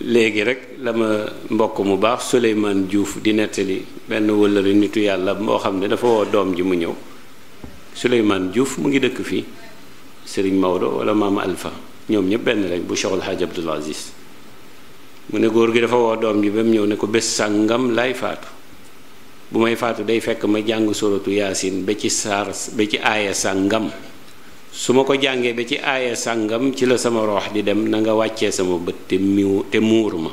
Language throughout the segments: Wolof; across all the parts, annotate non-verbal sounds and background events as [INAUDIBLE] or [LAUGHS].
léegi rek la ma mbokk mu baax Souleymane Diouf di nettali benn wëllëri nitu yàlla moo xam ne dafa woo doom ji mu ñëw Souleymane Diouf mu ngi dëkk fii sëriñ Maodo wala Mama Alpha ñoom ñëpp benn lañ bu Cheikh El Hadj Abdoul Aziz mu ne góor gi dafa woo doom ji ba mu ñëw ne ko bés sàngam laay faatu bu may faatu day fekk ma jàng suratu yaasin ba ci saar ba ci aaya sàngam su ma ko jàngee ba ci aaye sàngam ci la sama roox di dem na nga wàccee sama bët te miw te muur ma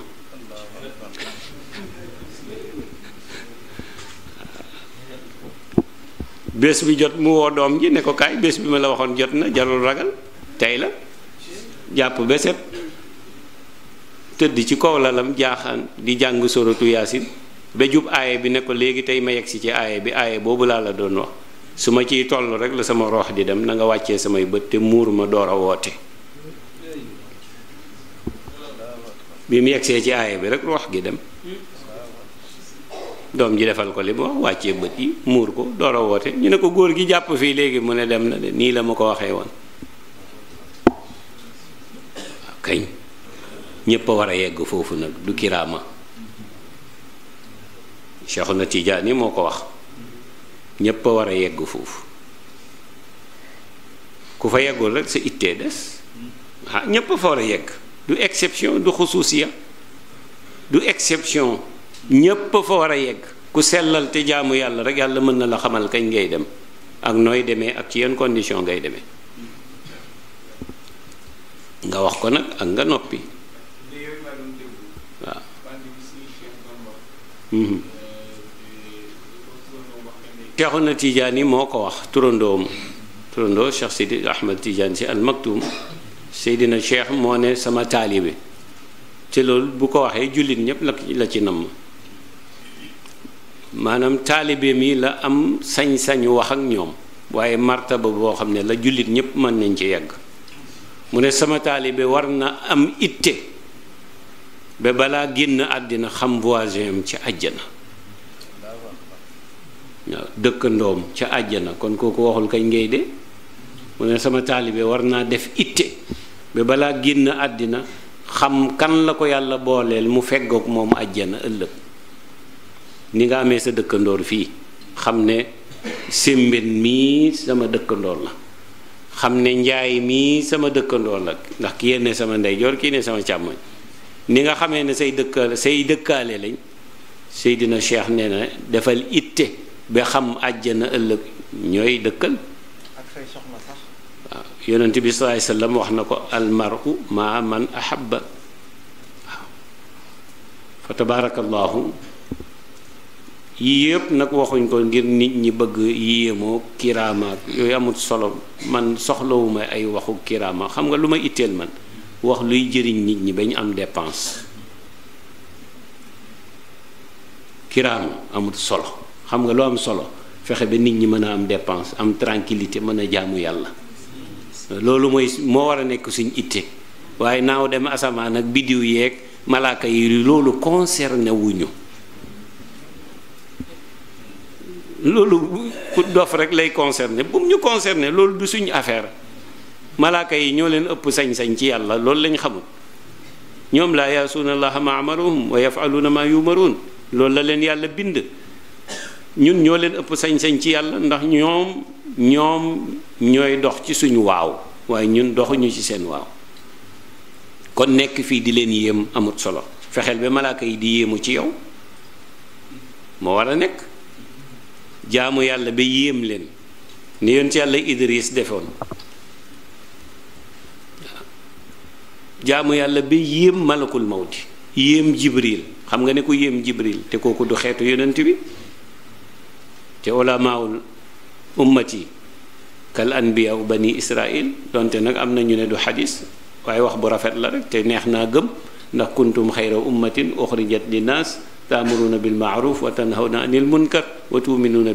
bés bi jot mu woo doom ji ne ko kaay bés bi ma la waxoon jot na jarul ragal tey la jàpp ba set tëdd ci kaw lalam jaaxaan di jàng soratu yaasin ba aaye bi ne ko léegi tey ma yegsi ci aaye bi aaye boobu laa la doon wax su ma ciy toll rek la sama roox di dem nanga wàccee samay bët te muur ma door a woote bi mu yegsee ci aaya bi rek roox gi dem doom ji defal ko li mu wàccee bët yi muur ko door a woote ñu ne ko góor gi jàpp fii léegi mu ne dem na de nii la ma ko waxee woon kañ ñépp a war a yegg foofu nag du kiraama na tiijaan yi moo ko wax ñépp a war a yegg foofu ku fa yeggul rek sa ittee des ah ñépp a fa war a yegg du exception du xusuusiya du exception ñépp a fa war a yegg ku sellal te jaamu yàlla rek yàlla mën na la xamal kañ ngay dem ak nooy demee ak ci yenn condition ngay deme nga wax ko nag ak nga noppi waaw na Tiijaan yi moo ko wax turandoom turandoo Cheikh Sidi Ahmad Tiijaan si al maktum Seydina Cheikh moo ne sama taalibe te loolu bu ko waxee jullit ñépp la ci namm maanaam taalibe mii la am sañ sañ wax ak ñoom waaye martaba boo xam ne la jullit ñépp mën nañ ci yegg mu ne sama taalibe war na am itte ba balaa génn àddina xam voisin am ci àjjana dëkkandoom ca àjjana kon kooku waxul kañ ngay dee mu ne sama taalibe war naa def itte ba balaa génn àddina xam kan la ko yàlla booleel mu feggoog moom àjjana ëllëg ni nga amee sa dëkkandoor fii xam ne sémbén mii sama dëkkandoor la xam ne njaay mii sama dëkkandoor la ndax ki yéen ne sama ndeyjoor kii ne sama càmmoñ ni nga xamee ne say dëkkaale say dëkkaale lañ Seydina Cheikh nee na defal itte ba xam àjjana ëllëg ñooy dëkkal ak say soxna sax waaw yonent bi sallallahu wax na ko almaru ma man ahabba waaw fa tabaarakallaahu yii yëpp nag waxuñ ko ngir nit ñi bëgg yéemoo kiraamaak yooyu amul solo man soxlawuma ay waxu kiraama xam nga lu ma itteel man wax luy jëriñ nit ñi ba am dépense kiraama amul solo xam nga lu am solo fexe ba nit ñi mën a am dépense am tranquillité mën a jaamu yàlla loolu mooy moo war a nekk suñu itte waaye naaw dem asamaan ak biddiw yeeg malaaka yi loolu concerné wuñu loolu ku rek lay concerné bu loolu du suñu affaire malaaka yi ñoo leen ëpp sañ-sañ ci yàlla loolu lañ xamul ñoom laa yaasuuna allaha ma amaruhum wa yafaluuna ma yumaruun loolu la leen yàlla bind ñun ñoo leen ëpp sañ-sañ ci yàlla ndax ñoom ñoom ñooy dox ci suñu waaw waaye ñun doxuñu ci seen waaw kon nekk fii di leen yéem amut solo fexeel ba malaaka yi di yéemu ci yow moo war a nekk jaamu yàlla bi yéem leen ni yoon ci yàlla Idris defoon jaamu yàlla ba yéem malakul mawti yéem Jibril xam nga ne ku yéem Jibril te kooku du xeetu yonent bi te olamaawul ummati kal anbiya u bani israil donte nag am na ñu ne du xadis waaye wax bu rafet la rek te neex naa gëm ndax kuntum xayra ummatin uxrijat linnaas taamuruuna bil maaruf wa tanhawna anil munkar wa tuuminuuna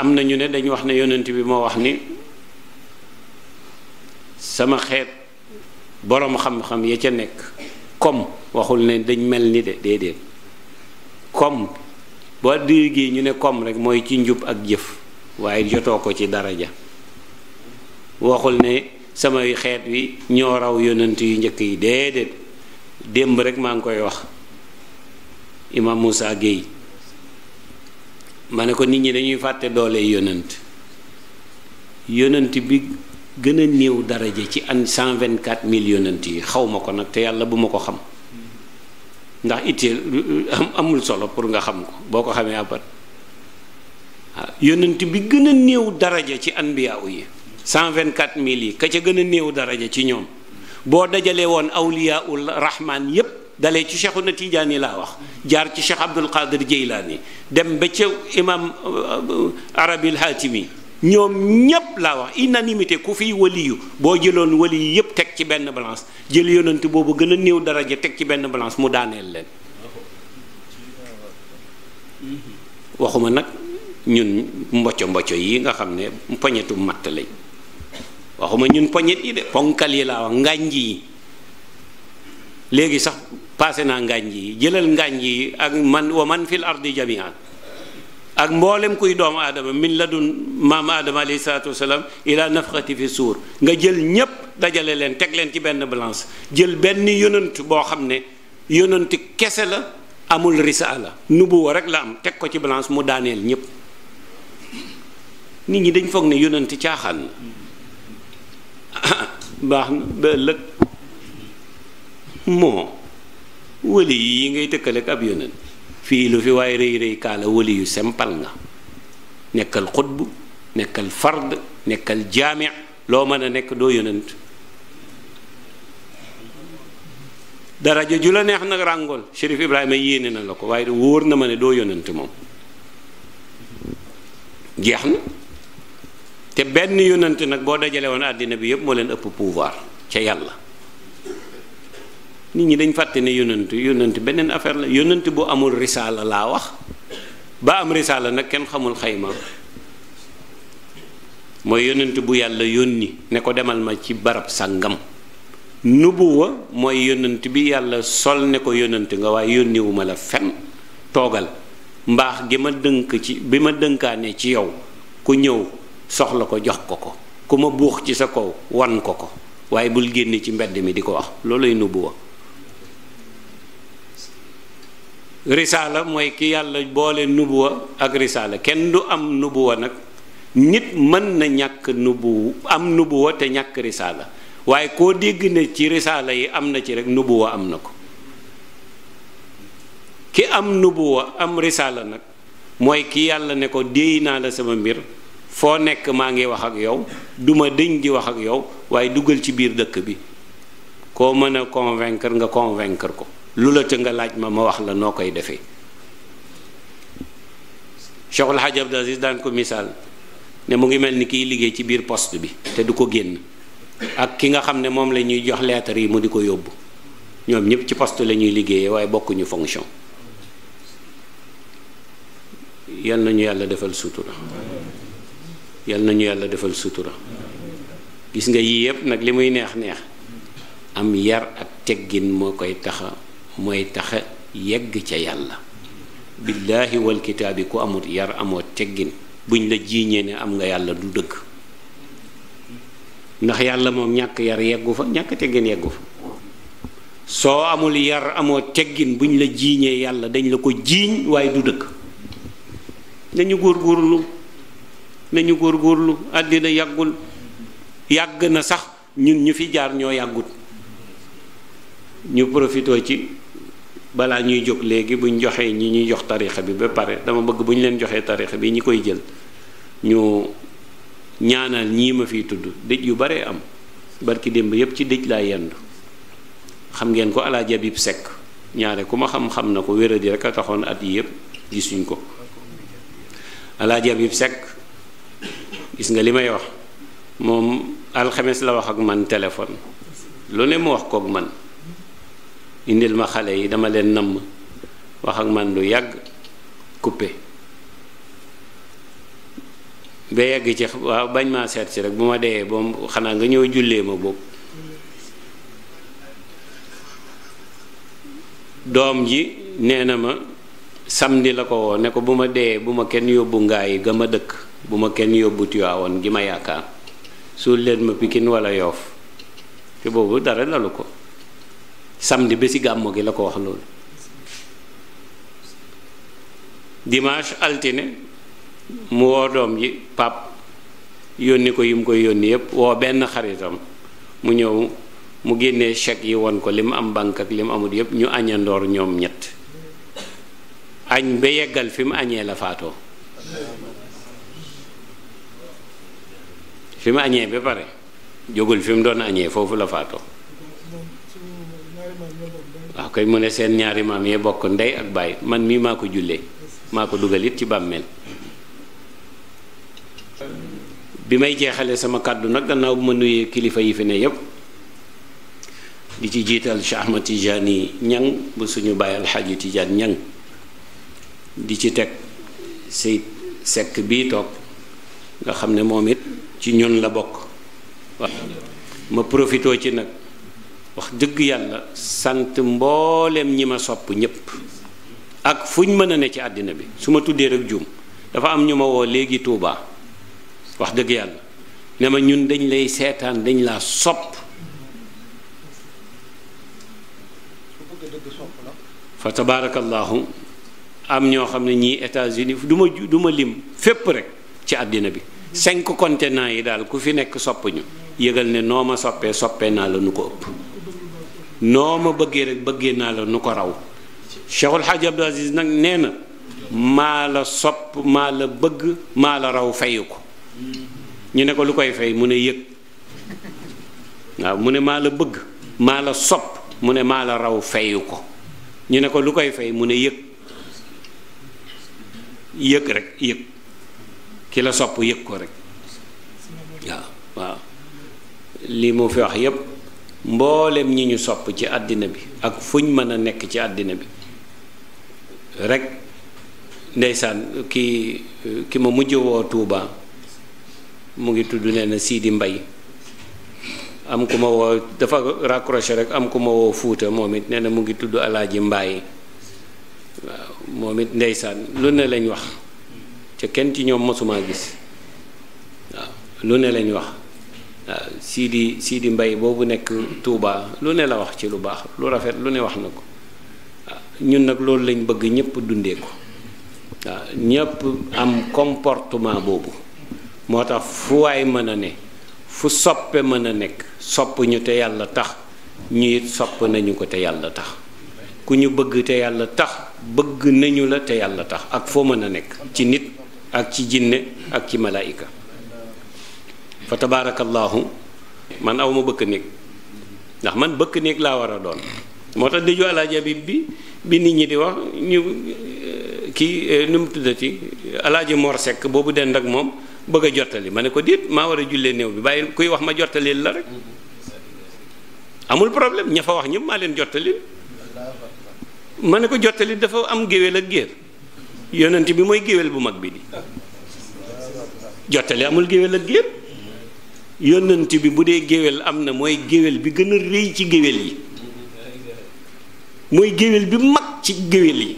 am na ñu ne dañu wax ne yónent bi moo wax ni sama xeet boroom xam-xam ya ca nekk comme waxul ne dañ mel ni de déedéet comme boo déggee ñu ne comme rek mooy ci njub ak jëf waaye jotoo ko ci daraja waxul ne samay xeet wi ñoo raw yonent yu njëkk yi déedéet démb rek maa ngi koy wax imam Moussa Gueye ma ne ko nit ñi dañuy fàtte doole yonent yonent bi gën a néew daraja ci an 124 mille yonent yi xaw ma ko nag te yàlla bu ma ko xam ndax itteel amul solo pour nga xam ko boo ko xamee àppat ah, waaw yonent bi gën a néew daraja ci anbiyaaw yi cent vingt quatre mille yi ka ca gën a néew daraja ci ñoom boo dajalee woon awliyaul rahman yépp dalee ci cheikhuna yi laa wax jaar ci cheikh abdul qadir yi dem ba ca imam uh, uh, arabil haatimi ñoom ñépp laa wax unanimité ku fiy waliyu boo jëloon waliyu yépp teg ci benn balance jël yonent boobu gën a néew daraja teg ci benn balance mu daaneel leen waxuma nag ñun mboco mbocco yi nga xam ne poñetu matt lañ waxuma ñun poñet yi de ponkal yi laa wax ngànj yi léegi sax paase naa ngànj yi jëlal ngànj yi ak man wa man fil ardi jamian ak mboolem kuy doomu aadama min la du maam aadama alayhi salaatu wasalaam ila nafxati fi suur nga jël ñépp dajale leen teg leen ci benn balance jël benn yonant boo xam ne yonant kese la amul risaala nubuwa rek la am teg ko ci balance mu daaneel ñépp nit ñi dañ foog ne yonant caaxal na [COUGHS] baax na ba ëllëg moo wëli yi ngay tëkkale ak ab yonant fii lu fi waaye rëy rëy kaala wali yu sempal nga nekkal xutb nekkal fard nekkal jaami loo mën a nekk doo yonent daraja ju la neex na ràngool Chérif Ibrahima yéene na la ko waaye wóor na ma ne doo yonent moom jeex na te benn yonent nag boo dajale woon àddina bi yépp moo leen ëpp pouvoir ca yàlla nit ñi dañ fàtte ne yonent yonent beneen affaire la yonent bu amul risaala laa wax ba am risaala nag kenn xamul xayma mooy yonent bu yàlla yónni ne ko demal ma ci barab sàngam nubuwa mooy yonent bi yàlla sol ne ko yonent nga waaye ma la fen toogal mbaax gi ma dënk ci bi ma dënkaane ci yow ku ñëw soxla ko jox ko ko ku ma buux ci sa kaw wan ko ko waaye bul génn ci mbedd mi di ko wax loolay nubuwa risaala mooy ki yàlla boole nubuwa ak risaala kenn du am nubuwa nag nit mën na ñàkk nubu am nubuwa te ñàkk risaala waaye koo dégg ne ci risaala yi am na ci rek nubuwa am na ko ki am nubuwa am risaala nag mooy ki yàlla ne ko déy naa la sama mbir foo nekk maa ngi wax ak yow duma dëñ di wax ak yow waaye dugal ci biir dëkk bi koo mën a nga convaincre ko lu la të laaj ma ma wax la noo koy defee Cheikhul Hadj Abdou daan ko misaal ne mu ngi mel ni kiy liggéey ci biir poste bi te du ko génn ak ki nga xam ne moom la ñuy jox lettre yi mu di ko yóbbu ñoom ñépp ci poste la ñuy liggéeyee waaye bokkuñu fonction yal nañu yàlla defal sutura yal nañu yàlla defal sutura gis nga yii yépp nag li muy neex neex am yar ak teggin moo koy tax mooy tax yegg ca yàlla billaahi wal kitaabi ku amut yar amoo teggin buñ la jiiñee ne am nga yàlla du dëkk ndax yàlla moom ñàkk yar yeggu fa ñàkk teggin yeggu fa soo amul yar amoo teggin buñ la jiiñee yàlla dañ la ko jiiñ waaye du dëkk dëgg nañu góorgóorlu nañu góorgóorlu àddina yàggul yàgg na sax ñun ñu fi jaar ñoo yàggut ñu profitoo ci balaa ñuy jóg léegi buñ joxee ñi ñuy jox tarixa bi ba pare dama bëgg bu ñu leen joxee tarixa bi ñi koy jël ñu ñaanal ñii ma fiy tudd dëj yu bare am barki démb yépp ci dëj laa yendu xam ngeen ko alaaji Abib Seck ñaare ku ma xam-xam na ko wéradi rek a taxoon at yi yépp gisuñ ko alaaji Abib Seck gis nga li may wax moom alxames la wax ak man téléphone lu ne mu wax kook man indil ma xale yi dama leen namm wax ak man lu yàgg coupé ba yàgg ci waaw bañ maa seet si rek bu ma dee boom xanaa nga ñëw jullee ma boobu doom ji nee na ma samedi la ko woo ne ko bu ma dee bu ma kenn yóbbu ngaay ga ma dëkk bu ma kenn yóbbu Tiwaawoon gi ma yaakaar suul leen ma Pikine walla Yoof te boobu dara lalu ko samedi ba si gàmmo gi la ko wax loolu dimanche altine mu woo doom ji pap yónni ko yi mu koy yónni yépp woo benn xaritam mu ñëw mu génnee chèque yi won ko li mu am banque ak li mu amul yépp ñu añandoor ñoom ñett añ ba yeggal fi mu añee la faatoo fi mu añee ba pare jógul fi mu doon añee foofu la faatoo koy mu ne seen ñaari maam yee bokk ndey ak baay man mii maa ko jullee maa ko dugal it ci bàmmeel bi may jeexale sama kàddu nag gannaaw bu ma nuyee kilifa yi fi ne yépp di ci jiital Cheikh Ahmad yi ñang bu suñu baay alxaaji Tijaan ñan di ci teg say sekk bii toog nga xam ne moom it ci ñun la bokk ma profitoo ci nag wax dëgg yàlla sant mboolem ñi ma sopp ñépp ak fu ñu mën a ne ci àddina bi su ma tuddee rek juum dafa am ñu ma woo léegi tuuba wax dëgg yàlla ne ma ñun dañ lay seetaan dañ laa sopp fa tabaarakallaahu am ñoo xam ne ñii États-Unis du ma du ma lim fépp rek ci àddina bi cinq continents yi daal ku fi nekk sopp ñu yëgal ne noo ma soppee soppee naa la nu ko ëpp noo ma bëggee rek bëggee naa la nu ko raw Cheikhul Hadj Abdou Aziz nag nee na maa la sopp maa la bëgg maa la raw fayu ko ñu ne ko lu koy fay mu ne yëg mu ne maa la bëgg maa la sopp mu ne maa la raw fayu ko ñu ne ko lu koy fay mu ne yëg yëg rek yëg ki la sopp yëg ko rek waaw waaw lii moo fi wax yépp mboolem ñi ñu sopp ci àddina bi ak fuñ mën a nekk ci àddina bi rek ndeysaan ki ki ma mujj woo Tuuba mu ngi tudd nee na Sidi Mbay am ku ma woo dafa raccroché rek am ku ma woo Fuuta moom it nee mu ngi tudd Alaaji Mbaay waaw moom it ndeysaan lu ne lañ wax te kenn ci ñoom mosuma gis waaw lu ne lañ wax Sidi Sidi mbay boobu nekk Touba lu ne la wax ci lu baax lu rafet lu ne wax na ko ñun nag loolu lañ bëgg ñëpp dundee ko waaw ah, ñëpp am comportement boobu moo tax fu waay mën a ne fu soppe mën a nekk sopp ñu te yàlla tax ñu it sopp nañu ko te yàlla tax ku ñu bëgg te yàlla tax bëgg nañu la te yàlla tax ak foo mën a nekk ci nit ak ci jinne ak ci malaayika fa tabaarakallaahu man aw ma bëkk néeg ndax man bëkk néeg laa war a doon moo tax dëju alaaja bi bi bi nit ñi di wax ñu eh, kii eh, nu mu tuddati alaaji Mor Seck boobu dend ak moom bëgg a jottali ma ne ko déet maa war a jullee néew bi bàyyi kuy wax ma jottalil la rek amul problème ña fa wax ñëpp maa leen jottalil ma ne ko jottali dafa am géwél ak géer yonent bi mooy géwél bu mag bi di jottali amul géwél ak géer yónnant bi bu dee géwél am na mooy géwél bi gën a rëy ci géwél yi mooy géwél bi mag ci géwél yi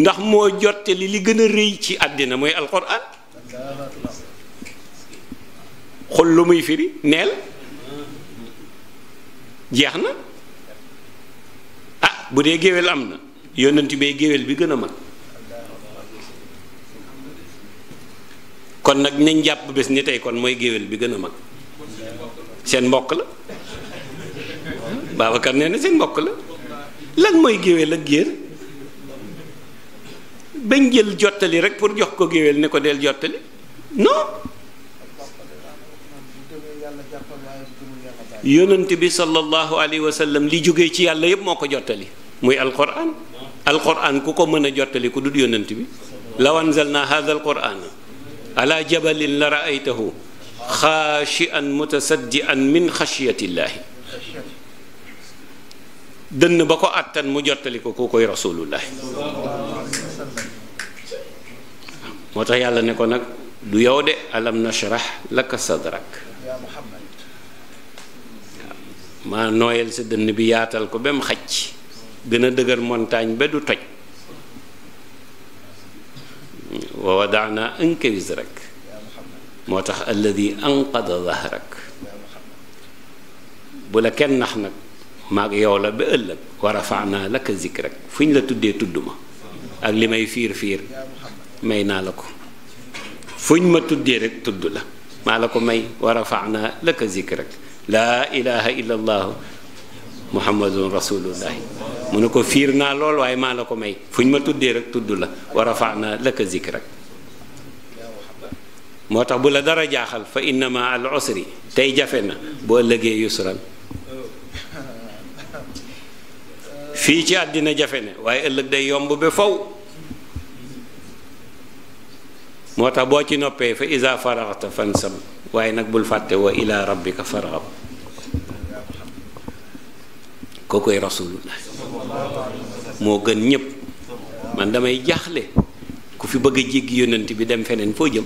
ndax moo jottali li gën a rëy ci àddina mooy alxuraan xol lu muy firi neel jeex na ah bu dee géwél am na yónnant bee géwél bi gën a mag kon nag nañ jàpp bés ni tey kon mooy géwél bi gën a mag seen mbokk la Babacar nee na seen mbokk la lan mooy géwél ak géer bañ jël jottali rek pour jox ko géwél ni ko del jottali non yonent bi sallallahu alayhi wa li jógee ci yàlla yépp moo ko jottali muy alquran alquran ku ko mën a jottali ku dul yonent bi law anzalna hadha alquran ala jabalin la raaytahu xaashian mutasaddian min xasiyatillaahi dënn ba ko àttan mu jottali ko koo koy rasulullahi moo tax yàlla ne ko nag du yow de alam nashrah laka sadrak maa nooyal sa dënn bi yaatal ko ba mu xaj gën a dëgër montagne ba du toj wa wadaana anka wizrak moo tax alladi anqada dahrak bu la kenn nax nag maag yow la ba ëllëg wa rafaanaa laka zikrak fu ñu la tuddee tudd ma ak li may fiir fiir may naa la ko fu ma tuddee rek tudd la ma la ko may wa rafaanaa laka zikrak laa ilaha illa allahu muhammadun rasulullahi mu ne ko fiir naa lool waaye maa la ko may fu ñu ma tuddee rek tudd la wa rafa'na laka zikrak moo tax bu la dara jaaxal fa innama al usri jafe na boo fii ci àddina jafe na waaye ëllëg day yomb ba fow moo tax boo ci noppee fa iza faraxta fansab waaye nag bul fàtte wa ila rabbika farxab koo koy rasulullah moo gën ñépp man damay jaaxle ku fi bëgg a jéggi yonent bi dem feneen foo jëm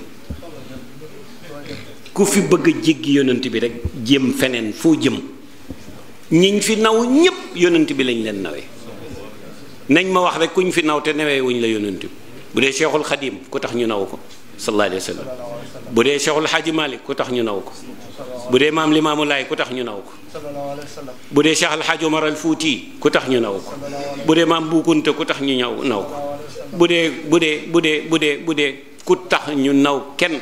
ku fi bëgg a jéggi yonent bi rek jëm feneen foo jëm ñi ñiñ fi naw ñëpp yonent bi lañ leen nawe nañ ma wax rek kuñ fi naw te nawee wuñ la yonent bi bu dee Cheikhul Xadim ku tax ñu naw ko sallallahu alayhi wa bu dee Cheikhul Xaaji Malik ku tax ñu naw ko bu dee maam Limaamu Laay ku tax ñu naw ko bu dee Cheikh Al Xaaji Fuuti ku tax ñu naw ko bu dee maam Buukunta ku tax ñu ñaw naw ko bu dee bu dee bu dee bu dee bu dee ku tax ñu naw kenn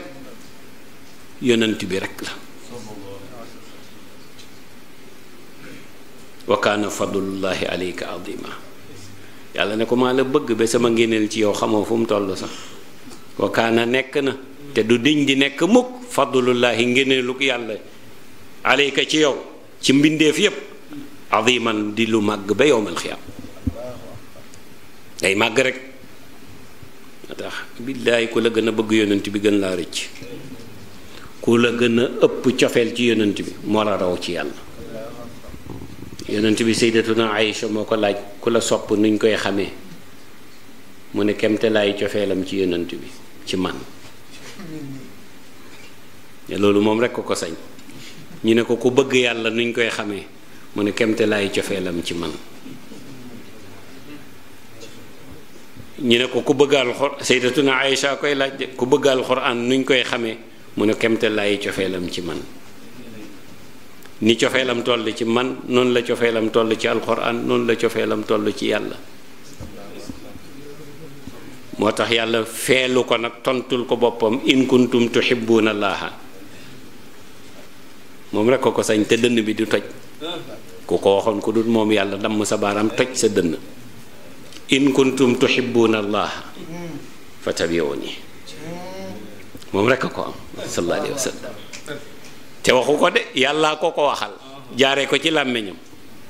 yonent bi rek la wa kaana fadlullahi alayka azima yàlla ne ko maa la bëgg ba sama ngénneel ci yow xamoo fu mu toll sax wa nekk na te du diñ di nekk mukk fadlullaahi ngeneelu yàlla aleyka ci yow ci mbindeef yépp aziman di lu màgg ba yowmal xiyaam day màgg rek nga tax billaay ku la gën a bëgg yonent bi gën laa rëcc ku la gën a ëpp cofeel ci yonent bi moo la raw ci yàlla yonent bi sayyidatuna Aïcha moo ko laaj ku la sopp nuñ koy xamee mu ne kemte cofeelam ci yonent bi ci man loolu moom rekk ko ko sañ ñu ne ko ku bëgg yàlla nuñ koy xamee mu ne kemte laay cofeelam ci man ñu ne ko ku bëgg alxuraan na Aïcha koy laaj de ku bëgg alxuraan nuñ koy xamee mu ne kemte laay cofeelam ci man ni cofeelam toll ci man noonu la cofeelam toll ci alxuraan noonu la cofeelam toll ci yàlla moo tax yàlla feelu ko nag tontul ko boppam in kuntum tuhibbuuna llaaha moom rek ko ko sañ te dënn bi du toj ku ko waxoon ku dul moom yàlla damm sa baaraam toj sa dënn in kuntum tuhibbuuna llaaha fattabi'uuni moom rek ko am sallallahu alayhi wa sallam te waxu ko de yàllaa ko ko waxal jaare ko ci làmmiñam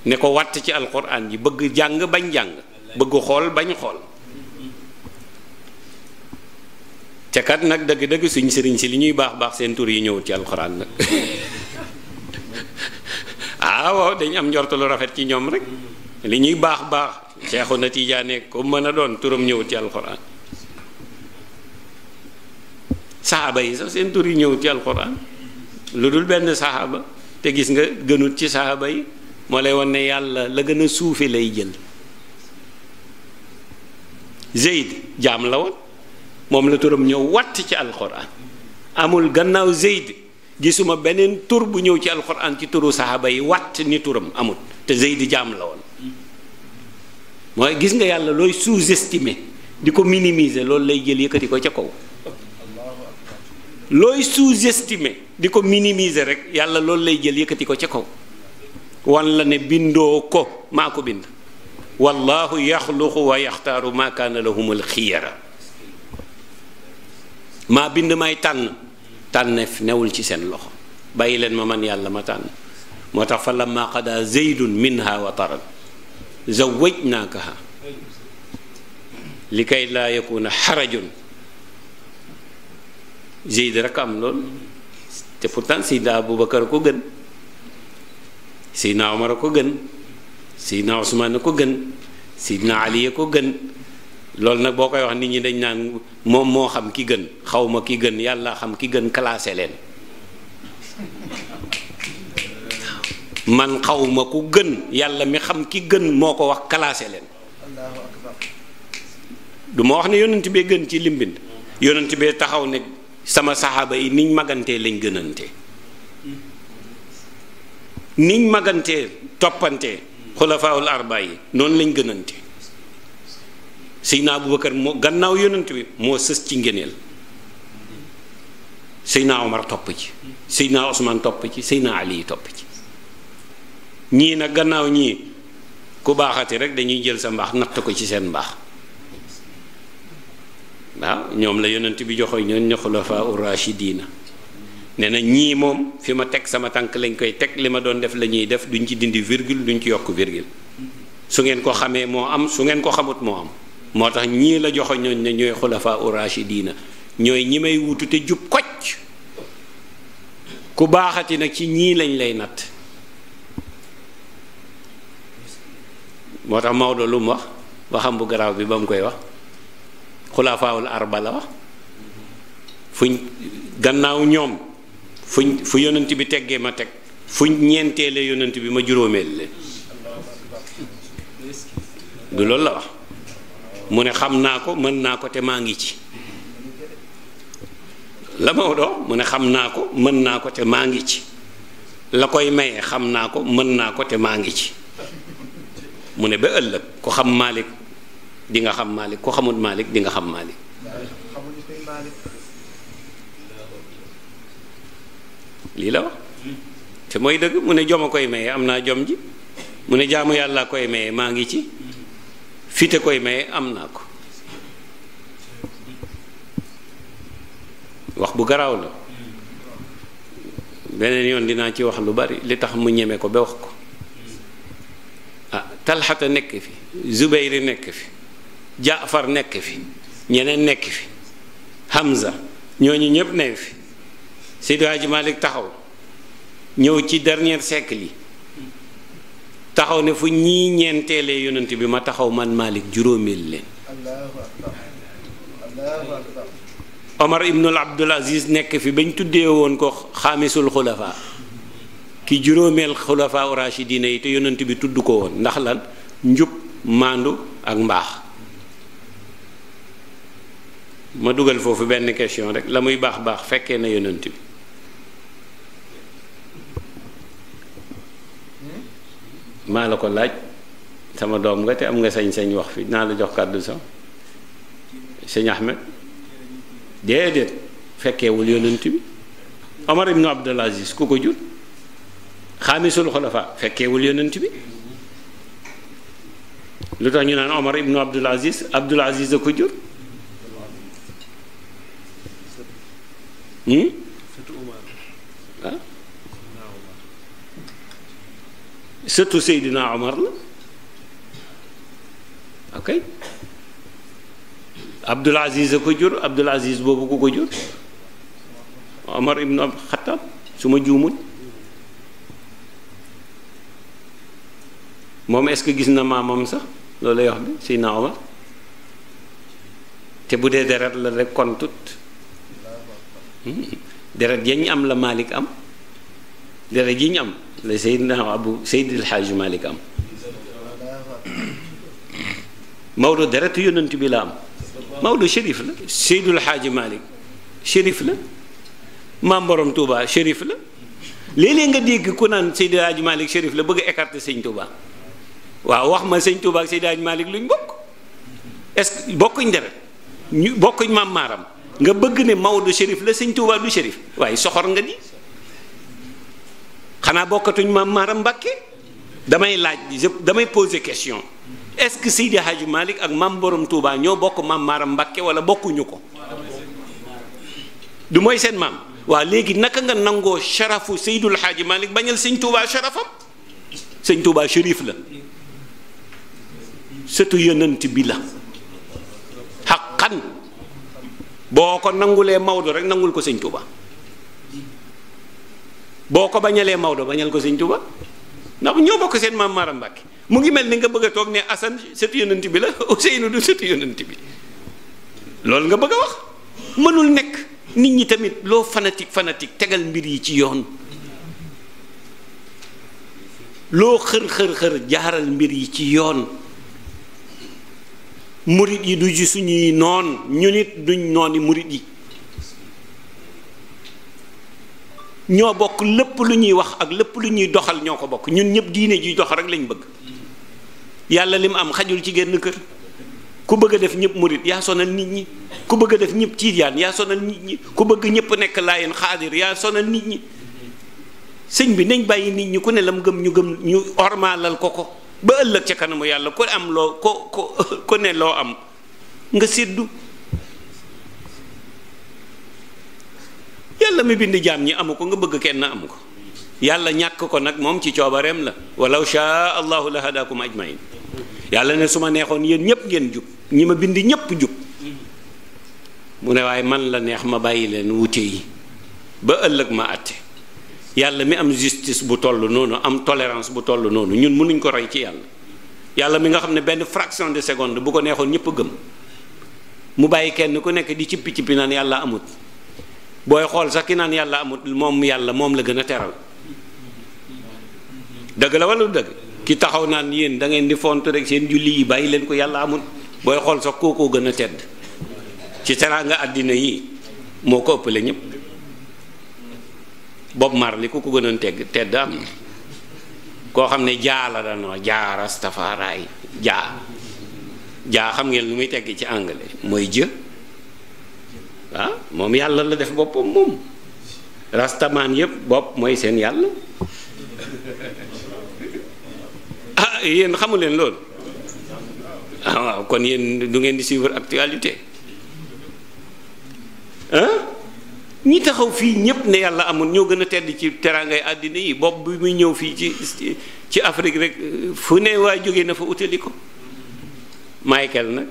ne ko watt ci alquran ji bëgg jàng bañ jàng bëgg xool bañ xool ca kat nag dëgg-dëgg suñ sëriñ si li ñuy baax baax seen tur yi ñëwul ci alxuraan nag [LAUGHS] ah dañ am njort lu rafet ci ñoom rek li ñuy baax baax seexu na tiijaane ko mën a doon turam ñëwul ci alxuraan saaba yi sax seen tur yi ñëwul ci alxuraan lu dul benn saaba te gis nga gënut ci saaba yi moo lay wan ne yàlla la gën a suufe lay jël Zeyd jaam la woon moom la turam ñëw wàtt ci alquran amul gannaaw zeyd gisuma beneen tur bu ñëw ci alquran ci turu saxaaba yi wàtt ni turam amul te zeyd jaam la woon mooy gis nga yàlla looy sous-estimer di ko minimiser loolu lay jël yëkkati ko ca kaw looy sous-estimer di ko minimiser rek yàlla loolu lay jël yëkkati ko ca kaw wan la ne bindoo ko maa ko bind wallahu yaxluqu wa yaxtaaru maa kaana lahumul xiyara ma bind may tànn tànneef newul ci seen loxo bàyyi leen ma man yàlla ma tànn moo tax fa lamma qadaa zeydun minha wataran zawajnaakaha li kay laa yakuna xarajun zeyd rek am loolu te pourtant seydna abubakar ko gën seydna omar ko gën seydna osmaan ko gën seydna ali ko gën loolu nag boo koy wax nit ñi dañ naan moom moo xam ki gën xaw ma ki gën yàlla xam ki gën classé leen man xaw ma ku gën yàlla mi xam ki gën moo ko wax classé leen du ma wax ne yonent bee gën ci limbind yonent bee taxaw ne sama saxaaba yi niñ magantee lañ gënante niñ magantee toppantee xulafaawul arba yi noonu lañ gënante Seydina Aboubacar moo gannaaw yonent bi moo sës ci ngëneel Seydina Omar topp ci Seydina Ousmane topp ci Seydina Ali topp ci ñii nag gannaaw ñii ku baaxati rek dañuy jël sa mbaax natt ko ci seen mbaax waaw ñoom la yonent bi joxoy ñoon ña xulafaa urrashidina nee na ñii moom fi ma teg sama tànk lañ koy teg li ma doon def la ñuy def duñ ci dindi virgule duñ ci yokk virgule su ngeen ko xamee moo am su ngeen ko xamut moo am moo tax ñii la joxo joxoñoon ne ñooy xulafaa urashidina ñooy ñi may wutu te jub kocc ku baaxati nag ci ñii lañ lay natt moo tax Maodo lu mu wax waxam bu garaaw bi ba mu koy wax xulafaawul arba la wax fuñ gannaaw ñoom fuñ fu yonent bi teggee ma teg fuñ ñeenteele yonent bi ma juróomeel leen du loolu la wax mu ne xam naa ko mën naa ko te maa ngi ci la mu ne xam naa ko mën naa ko maa ngi ci la koy maye xam naa ko mën naa ko te maa ngi ci mu ne ba ëllëg ku xam Malick dinga xam Malick ku xamut Malick di nga xam Malick lii la wax te mooy dëgg mu ne jom a koy maye am naa jom ji mu ne jaamu yàlla koy maye maa ngi ci fite koy maye am naa ko wax bu garaw la beneen yoon dinaa ci wax lu bari li tax mu ñeme ko ba wax ko ah talxata nekk fi zubayri nekk fi jaafar nekk fi ñeneen nekk fi hamza ñooñu ñëpp nekk fi Seydi Hadji taxaw ñëw ci dernier siècle yi taxaw ne fu ñii ñeenteelee yonent bi ma taxaw man Malick juróomeel leen Omar ibnul Abdul Aziz nekk fi bañ tuddee woon ko xaamisul xulafaa ki juróomeel xulafaa urashidina yi te yonent bi tudd ko woon ndax lan njub maandu ak mbaax ma dugal foofu benn question rek la muy baax baax fekkee na yonent bi maa la ko laaj sama doom nga te am nga sañ-sañ wax fi naa la jox kàddu sax sëñ Ahmed déedéet fekkeewul yonent bi Omar ibnu Abdul Aziz ku ko jur xaamisul xulafa fekkeewul yonent bi lu tax ñu naan Omar ibnu Abdul Aziz Abdul Aziz a ko jur. Hmm? surtout Seydina Omar la ok Abdul Aziz a ko jur Abdul Aziz boobu ku ko jur Omar ibn Abd Xattaab su ma juumul moom est-ce que gis na maamam sax loolu lay wax bi Seydina Omar te bu dee deret la rek kon tut hmm. deret yañ am la Malik am dere ji ñu am la Seydina Abu Seydil Xaaju Malik am Maodo deretu yonent bi la am Maodo shérif la Seydul Xaaju Malik la maam borom Touba shérif la léeg nga dégg ku naan Seydil Xaaju Malik serif la bëgg a écarter sëñ Touba waaw wax ma sëñ Touba ak Seydil Malik luñ bokk bokkuñ deret ñu bokkuñ maam maaram nga bëgg ne Maodo serif la sëñ Touba du shérif waaye soxor nga di. xanaa bokkatuñ maam Maaram mbakke damay laaj je damay poser question est-ce que Seydi Hadji Malick ak maam Borom Touba ñoo bokk maam Maaram Mbàkke wala bokkuñu ko du mooy seen maam waa léegi naka nga nangoo sharafu Seydul xaaji Malick bañal sëñ Touba sharafam sëñ Touba shérif la sëtu yonent bi la xaqan boo ko nangulee Maodo rek nangul ko sëñ Touba. boo ko bañalee Maodo bañal ko Sëñ Tuuba ndax ñoo bokk seen maam Maaram Mbàkke mu ngi mel ni nga bëgg a toog ne Assane sëtu yonent bi la [LAUGHS] Ousseynou du sëtu yonent bi loolu nga bëgg a wax mënul nekk nit ñi tamit loo fanatique fanatik tegal mbir yi ci yoon loo xër xër jaaral mbir yi ci yoon murit yi du ji suñuy noon ñu nit duñ nooni murit yi ñoo bokk lépp lu ñuy wax ak lépp lu ñuy doxal ñoo ko bokk ñun ñëpp diine juy dox rek lañ bëgg yàlla lim am xajul ci genn kër ku bëgg a def ñëpp murit yaa sonal nit ñi ku bëgg a ñëpp tiijaan yaa sonal nit ñi ku bëgg ñëpp nekk laayeen xaadir yaa sonal nit ñi sëñ bi nañ bàyyi nit ñi ku ne lam gëm ñu gëm ñu ormaalal ko ko ba ëllëg ca kanamu yàlla ku am loo ko ko [LAUGHS] ku ne loo am nga séddu leneen la mu bind jaam ñi amu ko nga bëgg kenn am ko yàlla ñàkk ko nag moom ci coobareem la walaw shaa allahu la hadakum ajmain yàlla ne su ma neexoon yéen ñépp ngeen jub ñi ma bind ñépp jub mu ne waaye man la neex ma bàyyi leen wute yi ba ëllëg ma àtte yàlla mi am justice bu toll noonu am tolérance bu toll noonu ñun mënuñ ko roy ci yàlla yàlla mi nga xam ne benn fraction de seconde bu ko neexoon ñépp gëm mu bàyyi kenn ku nekk di cippi cippi naan yàlla amut booy xool sax ki naan yàlla amut moom yàlla moom la gën a teral dëgg la wala dëgg ki taxaw naan yéen dangeen di font rek seen julli yi bàyyi leen ko yàlla amut booy xool sax kookoo gën a tedd ci teraanga àddina yi moo ko ëppale ñëpp Bob Marley ku ko gën a tegg tedd am koo xam ne jaa la daan wax jaa rastafaraay jaa xam ngeen lu muy tegg ci anglais mooy jë ah moom yàlla la def boppam moom rastamaan yëpp bopp mooy seen yàlla ah yéen xamu leen loolu ah, waaw kon yéen du ngeen di suivre actualité ah ñi taxaw fii ñëpp ne yàlla amul ñoo gën a tedd ci teraangay àddina yi bopp bi muy ñëw fii ci ci Afrique rek fu ne waay jógee na fa utali ko Michael nag.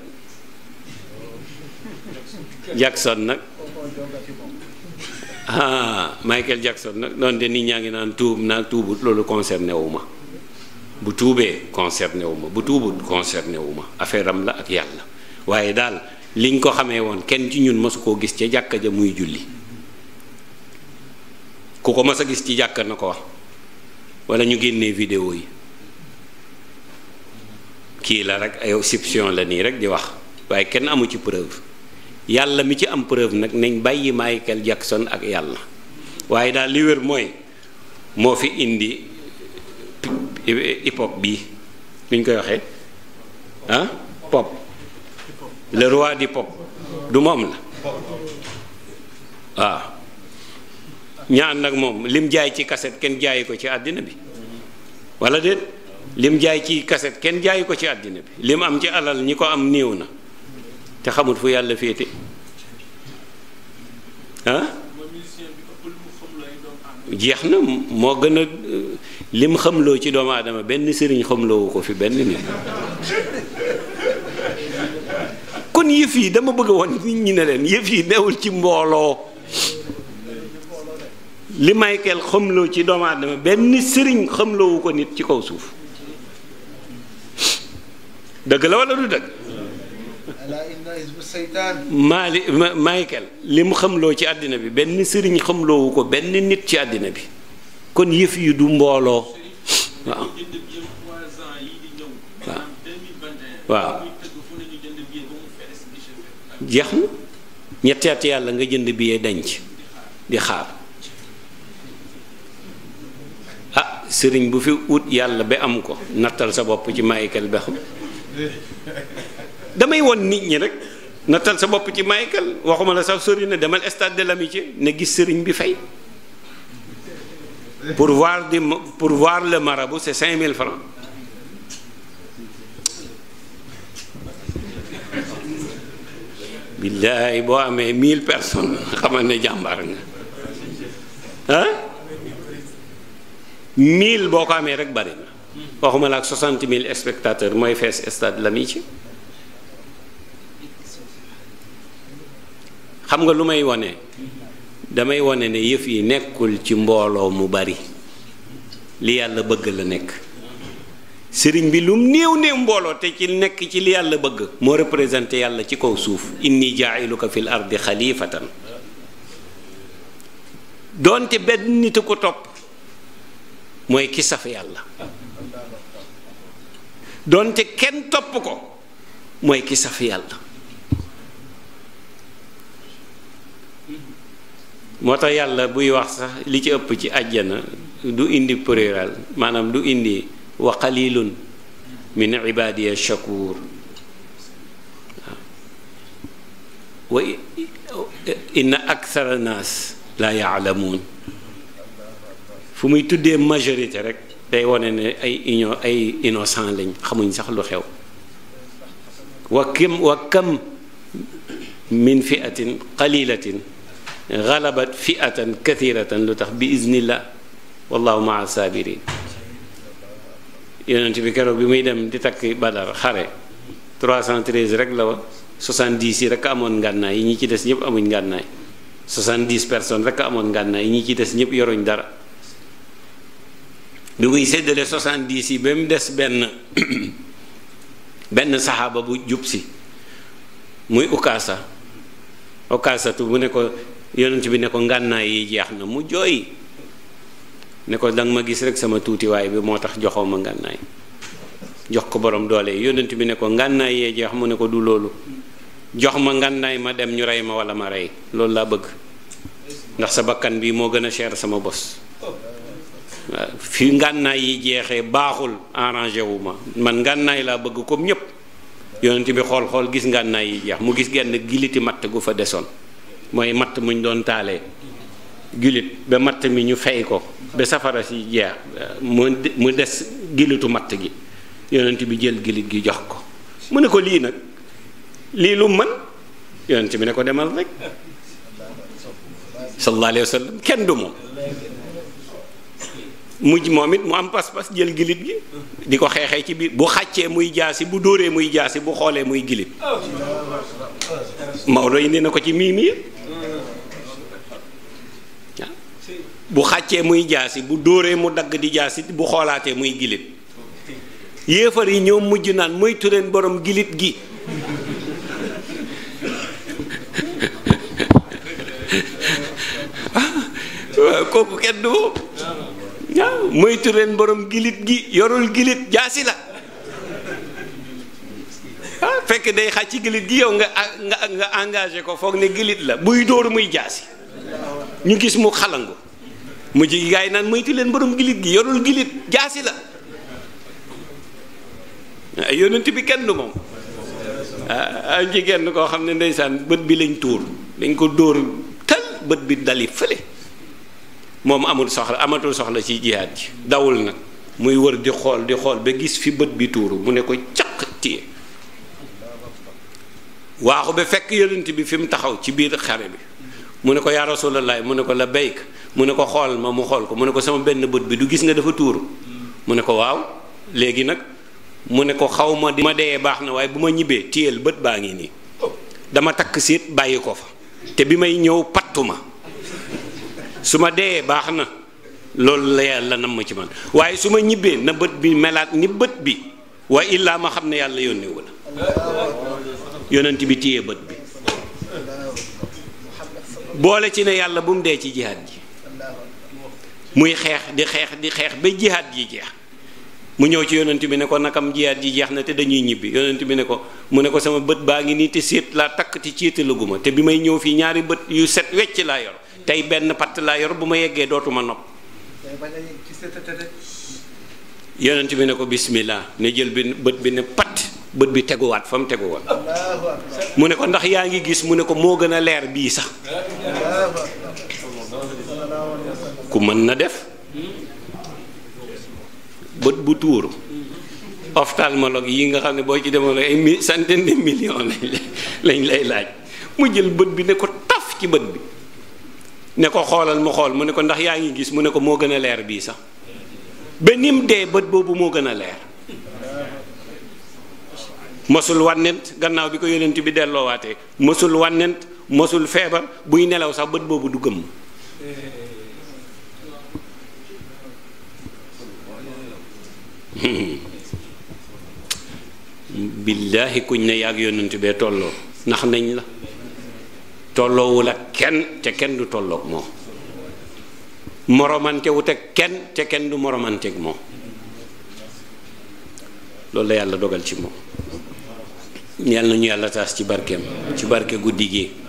Jackson nag ah Michael Jackson nag doonte nit ñaa ngi naan tuub naa tuubut loolu concerné wu ma bu tuubee concerné wu ma bu tuubut concerné wu ma affaire am la ak yàlla waaye daal liñ ko xamee woon kenn ci ñun masu koo gis ca jàkka ja muy julli ku ko mas a gis ci jàkka na ko wax wala ñu génnee vidéo yi kii la rek ay exception la nii rek di wax waaye kenn amu ci preuve yàlla mi ci am preuve nag nañ bàyyi Michael Jackson ak yàlla waaye daal li wér mooy moo fi indi hip hop bi luñ koy waxee ah pop le roi du pop du moom la waaw ñaan nag moom lim jaay ci kaset kenn jaay ko ci àddina bi wala déet lim jaay ci kaset kenn jaay ko ci àddina bi lim am ci alal ñi ko am néew na te xamul fu yàlla féete jeex na moo gën a lim xamloo ci doomu aadama benn sëriñ xamloowu ko fi benn nit kon yëf yi dama bëgg woon nit ñi ne leen yëf yi newul ci mbooloo li may kel xamloo ci doomu aadama benn sëriñ xamloowu ko nit ci kaw suuf dëgg la wala du dëgg maali Michael li xamloo ci àddina bi benn sëriñ xamloowu ko benn nit ci àddina bi kon yëf yi du mbooloo waaw waaw jeex na ñetti yàlla nga jënd billet denc di xaar ah sëriñ bu fi ut yàlla ba am ko nattal sa bopp ci maykel ba xam damay won nit ñi rek nattal sa bopp ci Michael waxuma la sax sori na demal stade de l'amitié ne gis sëriñ bi fay pour voir di pour voir le marabout c'est cinq mille francs billaay boo amee mille personnes xamal ne jàmbar nga ah mille boo ko amee rek bari na waxuma la ak soixante mille spectateurs mooy fees stade l'amitié xam nga lu may wone damay wone ne yëf yi nekkul ci mbooloo mu bari li yàlla bëgg la nekk sëriñ bi lu néew new mbooloo te ci nekk ci li yàlla bëgg moo représenté yàlla ci kaw suuf inni ko fil ardi xalifatan doonte benn nit a ko topp mooy ki saf yàlla doonte kenn topp ko mooy ki saf yàlla moo tax yàlla buy wax sax li ci ëpp ci àjjana du indi pluriel maanaam du indi wa qalilun min ibadiya shakur wa inna akthara naas la yaalamuun fu muy tuddee majorité rek day wane ne ay union ay innocent lañ xamuñ sax lu xew wa kim wa kam min fiatin qalilatin galabat fiatan kathiratan lu tax bi iznillah wallahu maa sabirin yonent bi keroog bi muy dem di takk badar xare 313 rek la woon 70 yi rek amoon ngànnaay yi ñu ci des ñëpp amuñ ngànnaay 70 personne rek amoon ngànnaay yi ñi ci des ñëpp yoruñ dara bi muy séddale 70 yi ba mu des benn [COUGHS] benn saxaaba bu jub si muy ukaasa ukaasatu mu ne ko yonent bi ne ko ngànnaay yi jeex na mu jooy ne ko danga ma gis rek sama tuutiwaay bi moo tax joxoo ma ngànnaay jox ko borom doole yonent bi ne ko ngànnaay yee jeex mu ne ko du loolu jox ma ngànnaay ma dem ñu rey ma wala ma rey loolu laa bëgg ndax sa bakkan bi moo gën a cher sama bos waaw fi ngànnaay yi jeexee baaxul arrangé wu ma man ngànnaay laa bëgg comme ñépp yonent bi xool xool gis ngànnaay yi jeex mu gis genn giliti matt gu fa desoon mooy matt muñ doon taalee gilit ba matt mi ñu fay ko ba safara si jeex mu des gilitu matt gi yonent bi jël gilit gi jox ko mu ne ko lii nag lii lu mën yonent bi ne ko demal rek sallallahu alayhi wa sallam kenn du moom mujj moom it mu am pas-pas jël gilit gi di ko xeexee ci biir bu xàccee muy jaasi bu dóoree muy jaasi bu xoolee muy gilit Maodo indi na ko ci mii mii bu xàccee muy jaasi bu dóoree mu dagg di jaasi bu xoolaatee muy gilit yéefar yi ñoom mujj naan moytu leen borom gilit gi ah, kooku kenn du ah, moytu leen borom gilit gi yorul gilit jaasi la ah, fekk day xàcc gilit gi yow nga engage ko foog ne gilit la buy dóor muy jaasi ñu gis mu xalangu mu ji gaa yi naan moytu leen borom gilit gi yorul gilit jaasi la yonent bi kenn du moom ah, am ci kenn koo xam ne ndeysaan bët bi lañ tuur dañ ko dóor tal bët bi dali fële moom amul soxla amatul soxla ci jihaat ji dawul nag muy wër di xool di xool ba gis fi bët bi tuuru mu ne ko caq téye waaxu ba fekk yonent bi fi mu taxaw ci biir xare bi mu ne ko yaa rasulallah mu ne ko la béyk mu ne ko xool ma mu xool ko mu ne ko sama benn bët bi du gis nga dafa tuuru mu ne ko waaw léegi nag mu ne ko xaw ma di ma deyee baax na waaye bu ma ñibbee téyel bët baa ngi nii dama takk séet bàyyi ko fa te bi may ñëw pattu ma su ma deyee baax na loolu la yàlla nam ma ci man waaye su ma ñibbee na bët bi melaat ni bët bi waaye illaa ma xam ne yàlla yónnewu la bët bi boole ci ne yàlla bu mu dee ci jihaat ji muy xeex di xeex di xeex ba jihaat ji jeex mu ñëw ci yonent bi ne ko nakam jihaat ji jeex na te dañuy ñibbi yonent bi ne ko mu ne ko sama bët baa ngi nii te séet laa takk te ciitalaguma te bi may ñëw fii ñaari bët yu set wecc laa yor tey benn patt laa yor bu ma yeggee dootuma nopp yonent bi ne ko bismillah ne jël bi bët bi ne pat bët bi teguwaat fa mu teguwaat mu ne ko ndax yaa ngi gis mu ne ko moo gën a leer bii sax ku mën na def bët bu tuuru ophtalmologue yi nga xam ne boo ci demoon ay mi centaine de millions lañ lañ lay laaj mu jël bët bi ne ko taf ci bët bi ne ko xoolal mu xool mu ne ko ndax yaa ngi gis mu ne ko moo gën a leer bii sax ba nim dee bët boobu moo gën a leer mësul wànnent gannaaw bi ko yonent bi delloowaatee mësul wànnent mësul feebar buy nelaw sax bët boobu du gëmm [LAUGHS] billaahi kuñ ne yàgg yonent bee tolloo ndax nañ la tolloowul ak kenn te kenn du tolloog moom moromantewut kenn te kenn du moromanteeg moom loolu la yàlla dogal ci moom yàlla na ñu yàlla taas ci barkeem ci barke guddi gi